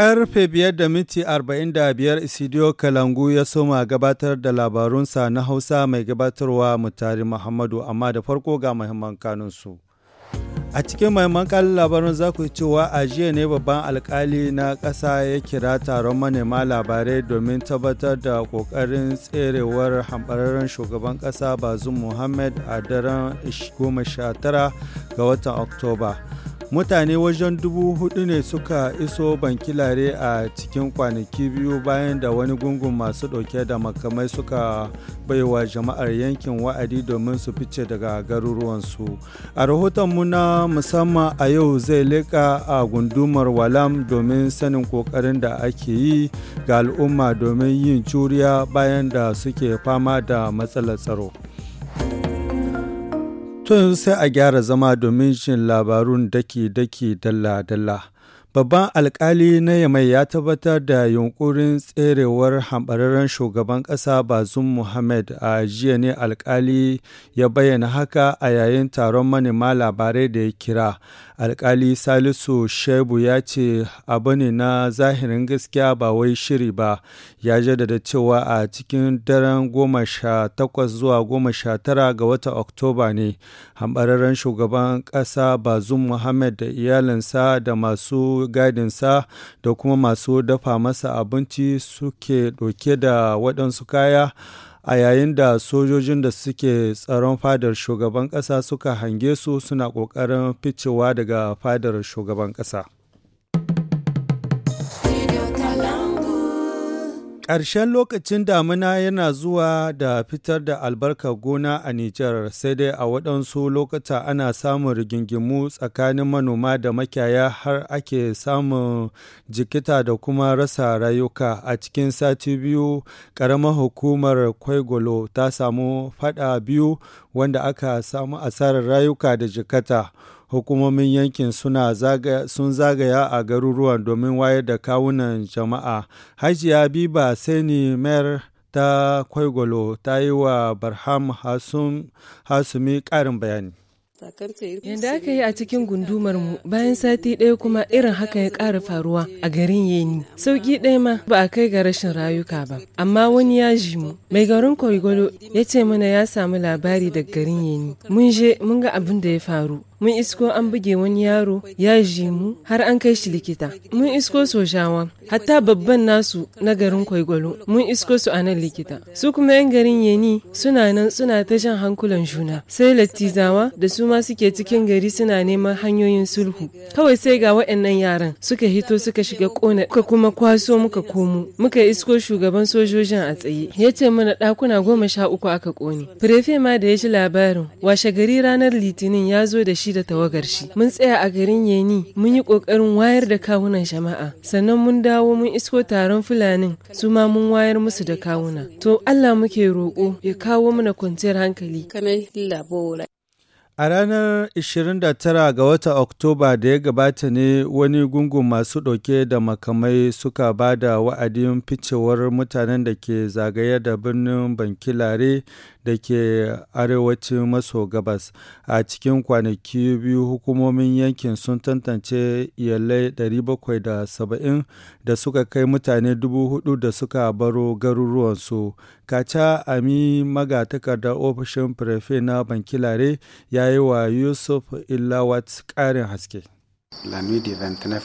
Karfe biyar da minti arba'in da biyar Isidiyo Kalangu ya soma gabatar da labarunsa na Hausa mai gabatarwa Mutari Muhammadu amma da farko ga mahimman kanunsu. A cikin mahimman kalin labarun za ku cewa a jiya ne babban alkali na ƙasa ya kira taron manema labarai domin tabbatar da ƙoƙarin tserewar hambararren shugaban ƙasa Bazum Muhammad a daren 19 ga watan Oktoba. mutane wajen dubu hudu ne suka iso bankilare a cikin kwanaki biyu bayan da wani gungun masu ɗauke da makamai suka baiwa jama'ar yankin wa'adi domin su fice daga garuruwansu a rahotonmu na musamman a yau zai leƙa a gundumar walam domin sanin ƙoƙarin da ake yi ga al'umma domin yin juriya bayan da suke fama da matsalar tsaro. To sai a gyara zama domin shin labarun daki-daki dalla-dalla. Babban alkali na Yamai ya tabbatar da yunkurin tserewar hambararren shugaban ƙasa Bazum Muhammad a jiya ne alkali ya bayyana haka a yayin taron manema labarai da ya kira. Alkali Salisu Shebu ya ce abu ne na zahirin gaskiya ba wai shiri ba, ya jaddada cewa a cikin daren goma sha takwas zuwa goma sha tara ga wata Oktoba ne, hambararren shugaban ƙasa Bazum Muhammad da iyalinsa da masu gadinsa da kuma masu dafa masa abinci suke ɗauke da waɗansu kaya. a yayin da sojojin da suke tsaron fadar shugaban ƙasa suka hange su suna ƙoƙarin ficewa daga fadar shugaban ƙasa. Ƙarshen lokacin damina yana zuwa da fitar da albarkar gona a Nijar, sai dai a waɗansu lokuta ana samun rigingimu tsakanin manoma da makiyaya har ake samun jikita da kuma rasa rayuka. A cikin sati biyu, ƙaramar hukumar Kwaigolo ta samu faɗa biyu wanda aka samu asarar rayuka da jikata. hukumomin yankin suna sun zagaya a garuruwan domin wayar da kawunan jama'a hajiya biba seni mayar ta kwaigolo ta yi wa barham hasumi karin bayani Yanda aka yi a cikin gundumar mu bayan sati ɗaya kuma irin haka ya ƙara faruwa a garin Yeni. Sauki ɗaya ma ba a kai ga rashin rayuka ba, amma wani ya ji mu. Mai garin Kwaigolo ya ce mana ya samu labari daga garin Yeni. Mun je mun ga abin da ya faru. mun isko an buge wani yaro ya mu har an kai shi likita mun isko shawa hatta babban nasu na garin kwaigwalo mun isko su a nan likita su kuma yan garin yeni suna nan suna ta jan hankulan juna sai lattizawa da su ma suke cikin gari suna neman hanyoyin sulhu kawai sai ga waɗannan yaran suka hito suka shiga kona muka kuma kwaso muka komo muka isko shugaban sojojin a tsaye ya ce mana ɗakuna goma sha uku aka kone firefe ma da ya ji labarin washe gari ranar litinin ya zo da shi lokaci da tawagar shi mun tsaya a garin yeni mun yi kokarin wayar da kawunan jama'a sannan mun dawo mun isko taron fulanin su ma mun wayar musu da kawuna to allah muke roƙo ya kawo mana kwanciyar hankali A ranar 29 ga wata Oktoba da ya gabata ne wani gungun masu ɗauke da makamai suka ba da wa'adin ficewar mutanen da ke zagaye da birnin Bankilare da ke arewacin maso gabas a cikin kwanaki biyu hukumomin yankin sun tantance iyalai 770 da suka kai mutane 4,000 da suka baro garuruwansu kaca ami magatakardar ofishin prefe na bankilare ya yi wa yusuf illawat ƙarin haske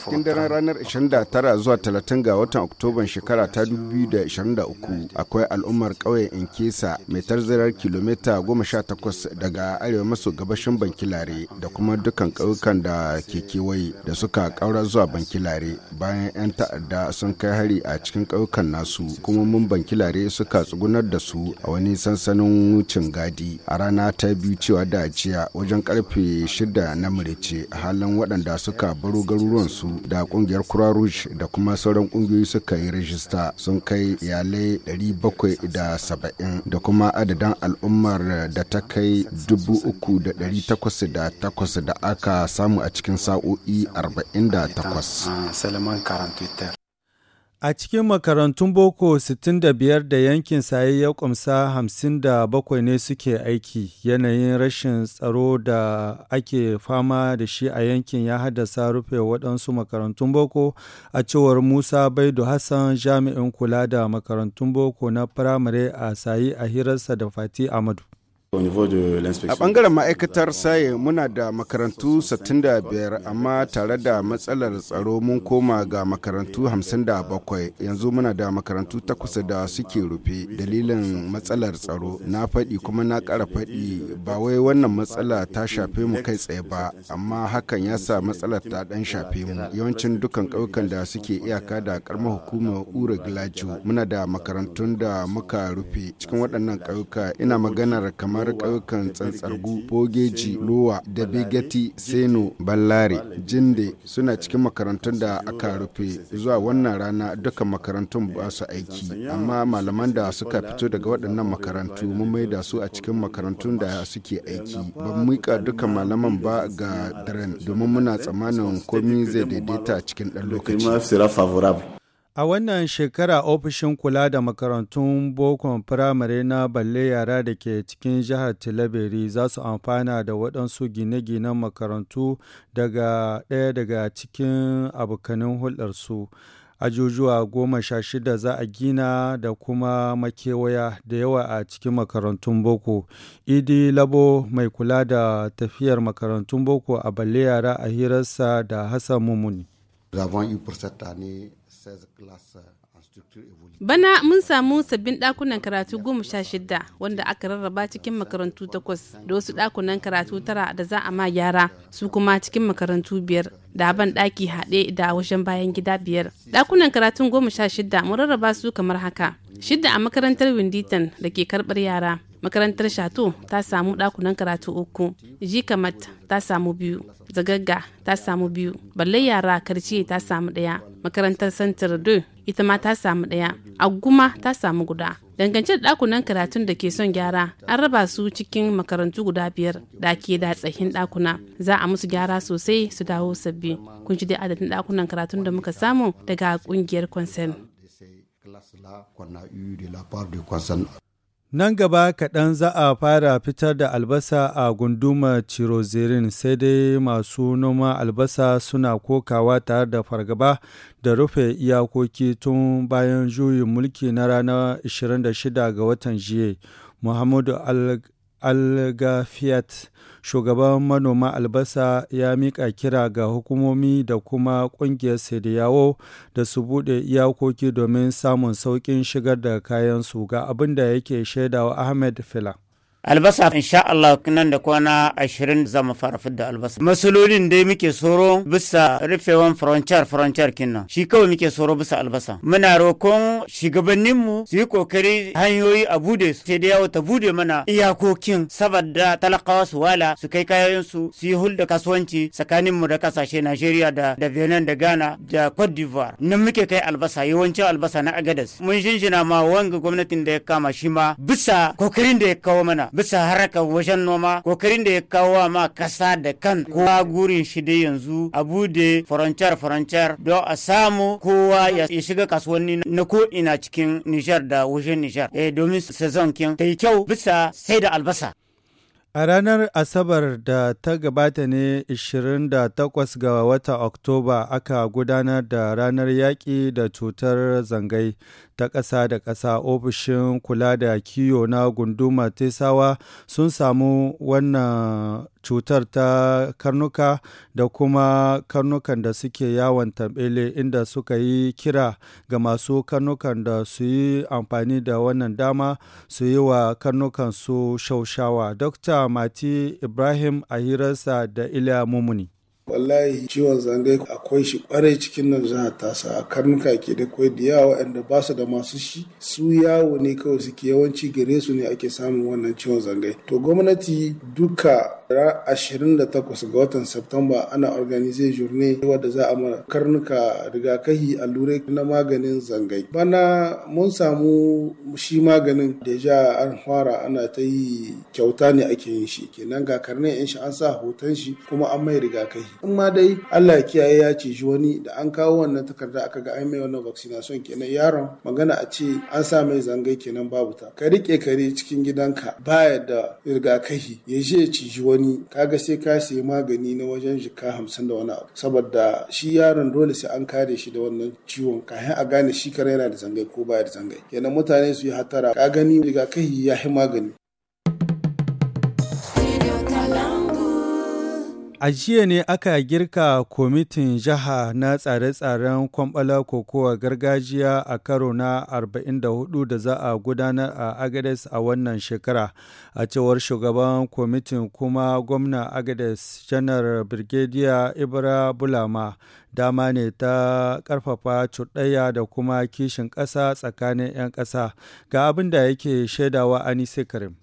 Tun daren ranar 29 zuwa 30 ga watan Oktoban shekara ta 2023 akwai al'ummar ƙauyen Inkesa mai tarzirar kilomita 18 daga arewa maso gabashin Bankilare da kuma dukkan ƙauyukan da ke kewaye da suka ƙaura zuwa Bankilare bayan 'yan ta'adda sun kai hari a cikin ƙauyukan nasu kuma mun Bankilare suka tsugunar da su a wani sansanin wucin gadi a rana ta biyu cewa da jiya wajen karfe 6 na murice halin waɗanda suka suka baro su da kungiyar Croix Rouge da kuma sauran kungiyoyi suka yi rajista sun kai iyalai 770 da kuma adadin al'ummar da ta kai 3,808 da aka samu a cikin sa'o'i 48. A cikin makarantun boko 65 da yankin saye ya kumsa 57 ne suke aiki, yanayin rashin tsaro da ake fama da shi a yankin ya haddasa rufe waɗansu makarantun boko a cewar Musa Baidu Hassan jami'in kula da makarantun boko na firamare a sayi a hirarsa da Fati Amadu. A bangaren ma'aikatar saye muna da makarantu 65 amma tare da matsalar tsaro mun koma ga makarantu 57 yanzu muna da makarantu takwas da suke rufe dalilin matsalar tsaro na faɗi kuma na ƙara faɗi ba wai wannan matsala ta shafe mu kai tsaye ba amma hakan ya sa matsalar ta ɗan shafe mu yawancin dukkan ƙauyukan da suke iyaka da ƙaramar hukumar ura glaju muna da makarantun da muka rufe cikin waɗannan ƙauyuka ina maganar kamar kamar ƙauyukan tsantsargu bogeji lowa da bigati seno ballare jinde suna cikin makarantun da aka rufe zuwa wannan rana duka makarantun ba su aiki amma malaman da suka fito daga waɗannan makarantu mun da su a cikin makarantun da suke aiki ba mu duka malaman ba ga daren domin muna tsammanin komi zai daidaita cikin ɗan lokaci A wannan shekara ofishin kula da makarantun bokon firamare na balle yara da ke cikin jihar Tilaberi za su amfana da waɗansu gine-ginen makarantu daga ɗaya daga cikin abokanin hulɗarsu. Ajujuwa goma sha shida za a gina da kuma makewaya da yawa a cikin makarantun boko. Idi Labo mai kula da tafiyar makarantun boko a balle yara a hirarsa da Hassan Mumuni. Bana mun samu sabbin dakunan karatu goma sha shida wanda aka rarraba cikin makarantu takwas da wasu dakunan karatu tara da za a ma gyara su kuma cikin makarantu biyar da ban daki haɗe da wajen bayan gida biyar. dakunan karatun goma sha shida mun rarraba su kamar haka. Shidda a makarantar Winditan da ke karɓar yara, makarantar shato ta samu ɗakunan karatu uku jikamat ta samu biyu zagagga ta samu biyu balle yara karciye ta samu ɗaya makarantar santar do ita ma ta samu ɗaya aguma ta samu guda dangance da ɗakunan karatun da ke son gyara an raba su cikin makarantu guda biyar da ke da tsahin ɗakuna za a musu gyara sosai su dawo sabbi kun ji dai adadin ɗakunan karatun da muka samu daga ƙungiyar concern Nan gaba kaɗan za a fara fitar da albasa a gundumar Cirozerin sai dai masu noma albasa suna kokawa tare da fargaba da rufe iyakoki tun bayan juyin mulki na ranar 26 ga watan jiya. Muhammadu algafiat shugaban manoma albasa ya mika kira ga hukumomi da kuma kungiyar sediyawo da su bude iyakoki domin samun sauƙin shigar da kayan su ga abin da yake shaidawa ahmed fila albasa sha Allah nan da kwana ashirin za mu fara fidda albasa masalolin dai muke soro bisa rufewan farancar farancar kinnan shi kawai muke soro bisa albasa muna rokon shugabanninmu su yi kokari hanyoyi a bude su sai da yawo ta bude mana iyakokin saboda talakawa su wala su kai kayan su su yi hulɗa kasuwanci tsakanin mu da kasashe Najeriya da da Benin da Ghana da Cote d'Ivoire nan muke kai albasa yawancin albasa na Agadez mun jinjina ma wanga gwamnatin da ya kama shi ma bisa kokarin da ya kawo mana bisa harkar wajen noma kokarin da ya kawo ma kasa da kan kowa gurin shi dai yanzu a bude farancar farancar don a samu kowa ya shiga kasuwanni na ko ina cikin nijar da wajen nijar eh, domin sezon kin ta kyau bisa sai da albasa A ranar Asabar da ta gabata ne 28 ga wata Oktoba aka gudanar da ranar yaƙi da cutar zangai ta ƙasa da ƙasa ofishin kula da kiyo na gunduma tesawa sun samu wannan cutar ta karnuka da kuma karnukan da suke yawon tambele inda suka yi kira ga masu karnukan da su yi amfani da wannan dama su yi wa karnukan su shaushawa. Dr. Mati Ibrahim ahirarsa da Iliya Mumuni. wallahi ciwon zangai akwai shi kwarai cikin nan jihar tasa a karnuka ke da kwai da yawa waɗanda ba su da masu shi su yawo ne kawai suke yawanci gare su ne ake samun wannan ciwon zangai to gwamnati duka da 28 ga watan Satumba ana organize jurne wadda za a mana karnuka rigakahi allurai na maganin zangai. Bana mun samu shi maganin da ja an fara ana ta yi kyauta ne ake yin shi kenan ga karnin in shi an sa hoton shi kuma an mai rigakahi. In ma dai Allah kiyaye ya ce shi wani da an kawo wannan takarda aka ga an mai wannan vaccination kenan yaron magana a ce an sa mai zangai kenan babu ta. Ka riƙe kare cikin gidanka baya da rigakahi ya je ya wani kaga sai ka sayi magani na wajen jika hamsin da wani abu saboda shi yaron dole sai an kare shi da wannan ciwon kafin a gane shi kare yana da zangai ko baya da zangai kenan mutane su yi hatara ka gani rigakafi ya yi magani A jiya ne aka girka kwamitin jiha na tsare-tsaren kwamɓala kokowa gargajiya a karo na 44 da za a gudanar a Agades a wannan shekara. A cewar shugaban kwamitin kuma gwamna Agades janar Birgediya Ibra Bulama dama ne ta ƙarfafa cuɗaya da kuma kishin ƙasa tsakanin 'yan ƙasa ga abin da yake shaidawa Anise Karim.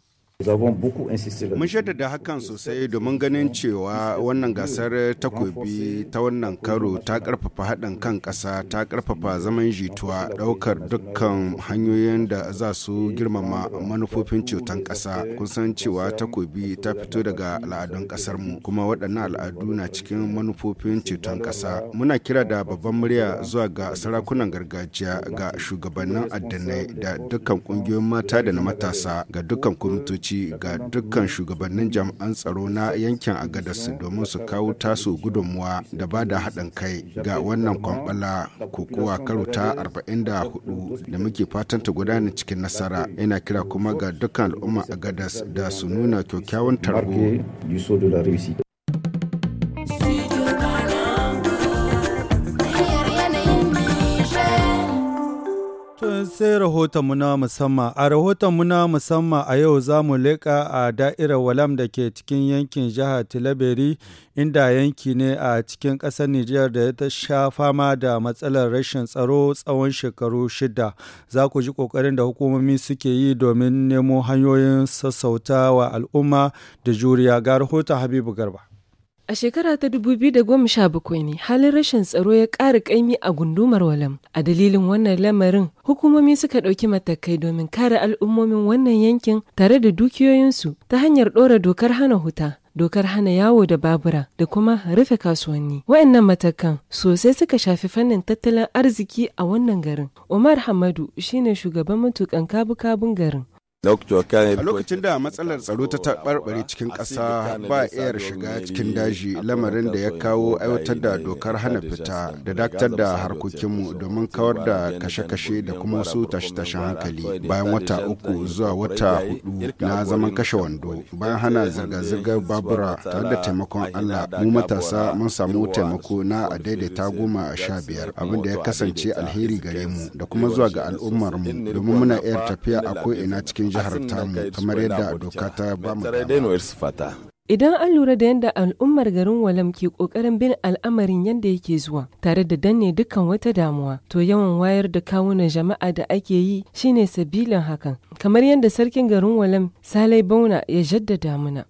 Mun shaddada hakan sosai domin ganin cewa wannan gasar takobi ta wannan karo ta karfafa haɗin kan ƙasa ta karfafa zaman jituwa ɗaukar dukkan hanyoyin da za su girmama manufofin ceton ƙasa kusan cewa takobi ta fito daga al'adun ƙasarmu kuma waɗannan al'adu na cikin manufofin ceton ƙasa muna kira da babban murya zuwa ga sarakunan gargajiya ga shugabannin addinai da dukkan ƙungiyoyin mata da na matasa ga dukkan kwamitoci lokaci ga dukkan shugabannin jami'an tsaro na yankin agadas domin su kawo tasu gudunmuwa da ba da haɗin kai ga wannan kwambala kokowa karo ta 44 da muke fatan ta gudana cikin nasara yana kira kuma ga dukkan al'umma agadas da su nuna kyakkyawan tarbo sai rahoton na musamman. A rahotonmu na musamman a yau za mu leƙa a da'irar Walam da ke cikin yankin jihar Tilaberi inda yanki ne a cikin ƙasar Nijar da ya sha fama da matsalar rashin tsaro tsawon shekaru shida. Za ku ji ƙoƙarin da hukumomi suke yi domin nemo hanyoyin sassauta wa al'umma da juriya ga rahoton Habibu Garba. A shekara ta 2017 ne halin rashin tsaro ya ƙara ƙaimi a gundumar Walam. A dalilin wannan lamarin, hukumomi suka ɗauki matakai domin kare al'ummomin wannan yankin tare da dukiyoyinsu ta hanyar ɗora dokar hana huta. dokar hana yawo da babura da kuma rufe kasuwanni. Wa'annan matakan sosai suka shafi fannin tattalin arziki a wannan garin. Umar Hamadu shine shugaban matukan kabu-kabun garin. A lokacin da matsalar tsaro ta taɓarɓare cikin ƙasa ba iyar shiga cikin daji lamarin da ya kawo aiwatar da dokar hana fita da daktar da harkokinmu domin kawar da kashe-kashe da kuma wasu tashe-tashen hankali bayan wata uku zuwa wata hudu na zaman kashe wando bayan hana zirga-zirgar babura tare da taimakon Allah mu matasa mun samu taimako na a daidaita goma a sha biyar abin da ya kasance alheri gare mu da kuma zuwa ga al'ummar mu domin muna iya tafiya a ko'ina cikin jihar tamu kamar yadda doka ta ba mu Idan an lura da yadda al'ummar garin Walam ke ƙoƙarin bin al'amarin yadda yake zuwa, tare da danne dukkan wata damuwa, to yawan wayar da kawunan jama'a da ake yi shine sabilin hakan. kamar yadda sarkin garin walam salai bauna ya jaddada mana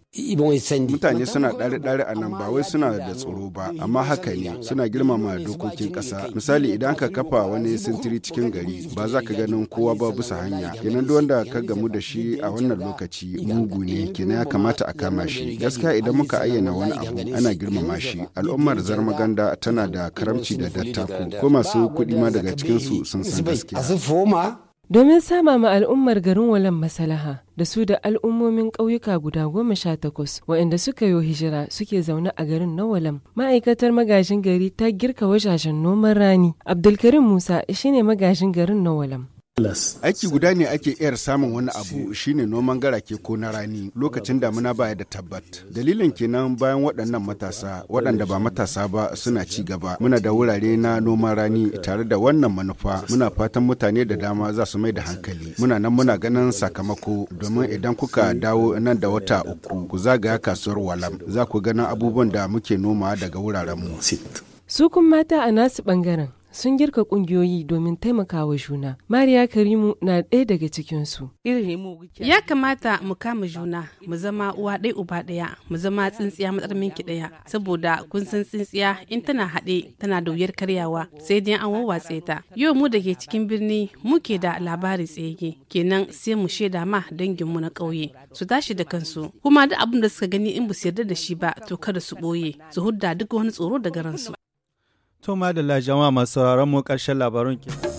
mutane suna ɗare-ɗare a nan ba wai suna da tsoro ba amma haka ne suna girmama dokokin ƙasa misali idan ka kafa wani sintiri cikin gari ba za ka ganin kowa ba bisa hanya kenan duk wanda ka gamu da shi a wannan lokaci mugu ne kina ya kamata a kama shi gaskiya idan muka ayyana wani abu ana girmama shi al'ummar zarmaganda tana da karamci da dattako ko masu kuɗi ma daga cikinsu sun san gaskiya domin sama ma al'ummar garin walan masalaha da su da al'ummomin ƙauyuka guda goma sha takwas waɗanda suka yi hijira suke zaune a garin na walam ma'aikatar magajin gari ta girka wajajen noman rani abdulkarim musa shine magajin garin na walam Aiki guda ne ake iyar samun wani abu shine noman garake ko na rani lokacin damuna baya da tabbat. Dalilin kenan bayan waɗannan matasa waɗanda ba matasa ba suna ci gaba. Muna da wurare na noman rani tare da wannan manufa muna fatan mutane da dama za su mai da hankali. Muna nan muna ganin sakamako domin idan kuka dawo nan da wata uku ku zagaya kasuwar walam za ku ganin abubuwan da muke noma daga wuraren Su kun mata a nasu ɓangaren sun girka kungiyoyi domin taimakawa juna. Mariya Karimu na ɗaya daga cikinsu. Ya kamata mu kama juna, mu zama uwa ɗaya uba ɗaya, mu zama tsintsiya matsarminki ɗaya, saboda kun san tsintsiya in tana haɗe tana da wuyar karyawa sai dai an wawwatse ta. Yau mu da ke cikin birni muke da labari tsege, kenan sai mu shaida ma danginmu na ƙauye su tashi da kansu, kuma duk abin da suka gani in ba su yarda da shi ba to kada su ɓoye, su hudda duk wani tsoro daga ransu. To madalla jama'a masu sauraron mu ƙarshen labarun kenan.